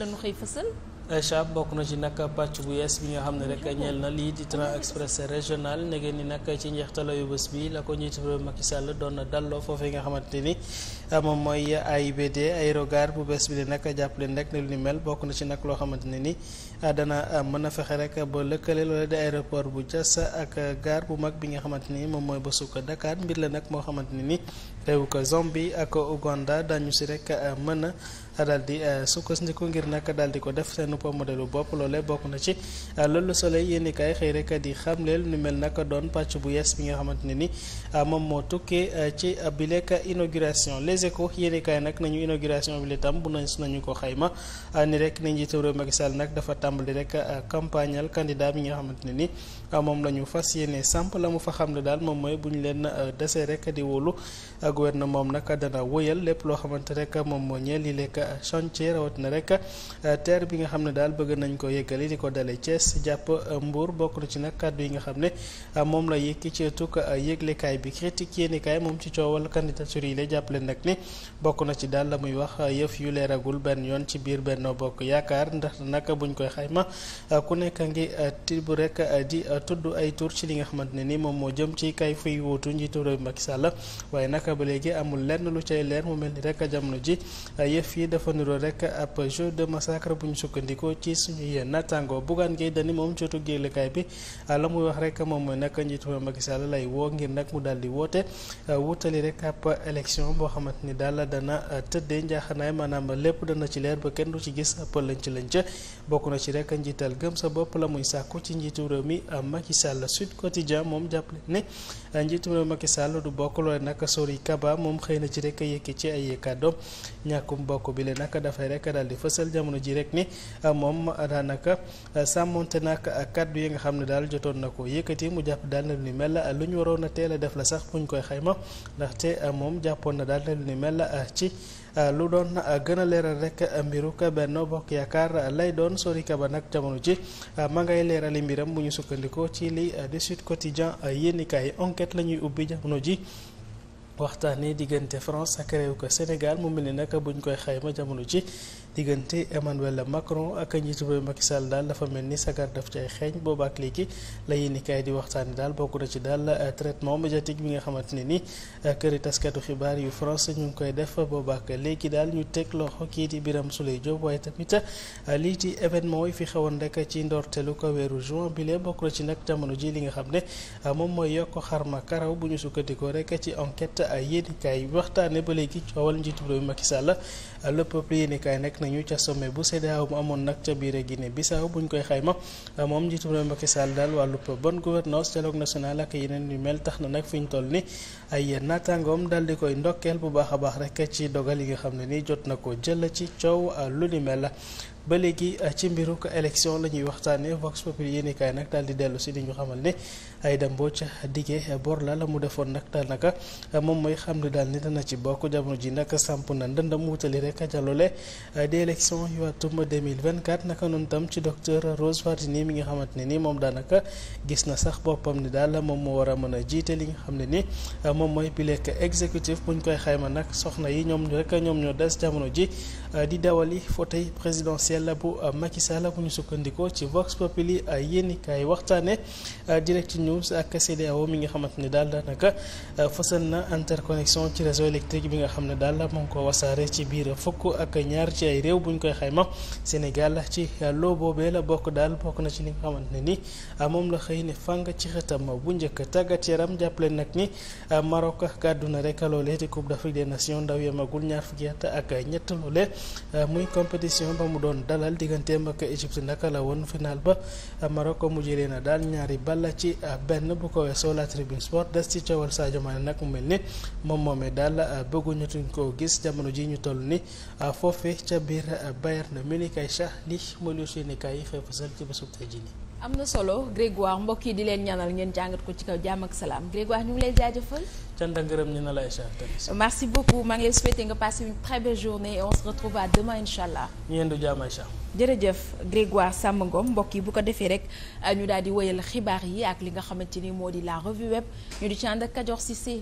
lañu xëy fësal Aïcha bokk na ci nag pàcc bu yees bi nga xam ne rek ñeel na lii di train express régional negee ni nag ci njeextalayu bés bi la ko njiitu réew Macky Sall doon dalloo foofee nga xamante ni moom mooy ay AIBD aérogare bu bees bi li nag jàpp leen rek ne lu ni mel bokk na ci nag loo xamante ne ni dana mën a fexe rek ba lëkkale loola di aéroport bu Diass ak gare bu mag bi nga xamante ni moom mooy bësuka Dakar mbir la nag moo xamante ne nii réewu ko Zambie ak Ouganda dañu si rek euh, mën a daal di euh, sukkandiku ngir nag daal di ko def seen modèle bopp loolee bokk na ci euh, loolu soleil yéen kaay xëy rek di xamleel nu mel nag doon pàcc bu yees bi nga xamante ne ni moom moo tukkee ci bilek inauguration les échos yéen kaay nag nañu inauguration bi li tam bu nañ su nañu ko xayma rek ni njiitu réew Macky Sall nag dafa tàmbali rek campagnal candidat bi nga xamante ne ni moom la ñu fas yéene samp la mu fa xam ne daal moom mooy bu ñu leen desee rek di wóolu gouvernement moom nag dana wóyal lépp loo xamante rek moom moo ñeel li lekk rawat na rek euh, terre bi nga xam ne daal bëgg nañ ko yëggali di ko dalee Thiès jàpp euh, mbuur bokk na ci nag kàddu yi nga xam ne euh, moom la yëkki ci tukk yëglekaay bi critique yéenekaay moom ci coowal candidature yi lay jàppale nag ni bokk na ci daal la muy wax yëf yu leeragul benn yoon ci biir Benno Bokk Yaakaar ndax nag buñ koy xayma ku nekk ngi tibb rek di tudd ay tur ci li nga xamante ne ni moom moo jëm ci kay fuy wuutu njiitu réew Macky Sall waaye nag léegi amul lenn lu cay leer mu mel ni rek jamono ji yëf yi dafa niroo rek ab jeu de massacre bu ñu sukkandikoo ci suñuy nattaangoo Bougane Gueye Dany moom jotu géelekaay bi la muy wax rek moom mooy nag njiitu Macky Sall lay woo ngir nag mu daal di woote wutali rek ab élection boo xamante ni daal dana tëddee njaaxanaay maanaam lépp dana ci leer ba kenn du ci gis ab lënc lënc bokk na ci rek njiital gëm sa bopp la muy sàkku ci njiitu réew mi Macky Sall Sud Quotidien moom jàpp ne njiitu réew Macky Sall du bokk loole nag sori kam Ba moom xëy na ci rek yëkki ci ay kàddoom ñàkkum bokk bi le nag dafay rek daal di fësal jamono ji rek ni ah, moom daanaka ah, sàmmonte nag kàddu yi nga xam ne daal jotoon na ko yëkkati mu jàpp daal na lu ni mel ah, lu ñu waroon a teel def la sax buñ koy xayma ndaxte moom jàppoon na daal na lu ni ci lu doon gën a leeral rek mbiru ka Benno Bokk Yaakaar lay doon sorika ba nag jamono ji ma ngay leerali mbiram mu ñu sukkandikoo ci li de Sud Quotidien yéenikaay enquête la ñuy ubbi jamono ji waxtaanee diggante France ak réew ko Sénégal mu mel ni nag ñu koy xayma jamono ci diggante Emmanuel Macron ak njiitu réew Macky Sall daal dafa mel ni sagar daf cay xeeñ booba ak léegi la yéen kaay di waxtaanee daal bokk na ci daal euh, traitement médiatique bi nga xamante ne ni euh, këri taskatu xibaar yu France ñu ngi koy def booba ak léegi daal ñu teg loxo kii di Birame Souleye Diop waaye tamit euh, lii ci événement yi fi xewoon rek ci ndorteelu ko weeru juin bi lee bokk ci nag jamono ji li nga xam ne moom mooy yokk xarma karaw bu ñu sukkandikoo rek ci enquête yéen kaay waxtaanee ba léegi coowal njiitu réew Macky le peuple yéeni kaay nekk nañu ca sommet bu CEDEAO mu amoon nag ca biir Guinée Bissau ñu koy xayma moom njiitu réew Macky Sall daal wàllu bonne gouvernance dialogue national ak yeneen yu mel tax na nag fi ñu toll ni ay naataangoom daal di koy ndokkeel bu baax a baax rek ci dogal yi nga xam ne ni jot na ko jël ci coow lu ni mel ba léegi euh, ci mbiru ko élection la ñuy waxtaanee Vox Populi yéenekaay nag daal di dellu si li ñu xamal ne Aïda Mbodj diggee bor la la mu defoon nag daanaka euh, moom mooy xam ne daal ni dana ci bokk jamono ji nag samp na ndëndam wutali rek jàllale euh, di élection yu atum 2024 naka noonu tam ci docteur Rose Wardini mi nga xamante ne ni moom daanaka gis na sax boppam ni daal moom moo war a mën a jiite li nga xam ne ni moom mooy bilek exécutif buñ koy xayma nag soxna yi ñoom rek ñoom ñoo des jamono ji di dawali fauteuil présidentiel présidentielle bu euh, Macky Sall ku ñu sukkandikoo ci Vox Populi euh, yéen kaay waxtaane euh, direct news ak CEDEAO mi nga xamante ne daal daanaka fësal na interconnexion ci réseau électrique bi nga xam ne daal moo ngi ko wasaare ci biir fukk ak ñaar ci ay réew bu ñu koy xayma Sénégal ci loo boobee la bokk daal bokk na ci ni nga xamante ne ni moom la xëy ne fàng ci xëtam bu njëkk tàggat yaram jàppale nag ni Maroc kàddu na rek loolee di Coupe d'Afrique des Nations ndaw yamagul ñaar dalal digganteem ak Égypte naka la woon final ba Maroc mujjee leen a daal ñaari ball ci benn bu ko weesoo la tribune sport des ci coowal Sadio Mané nag mu mel ni moom moomee daal bëgguñatuñ koo gis jamono ji ñu toll ni foofe ca biir Bayern Munich ay sax li mënuñu seen i kaay yi fay fasal ci bésub tey jii nii am na solo Grégoire mbokk yi di leen ñaanal ngeen jàngat ko ci kaw jàmm ak salaam Grégoire ñu ngi lay jaajëfal. cant ak ngërëm ñu na lay merci beaucoup maa ngi nga passer une très belle journée et on se retrouve à demain incha allah. ñu yendu jàmm Aïcha. jërëjëf Grégoire Samb Ngom mbokk yi bu ko defee rek ñu daal di wëyal xibaar yi ak li nga xamante ni moo di la revue web ñu di ci ànd ak Kadior Cissé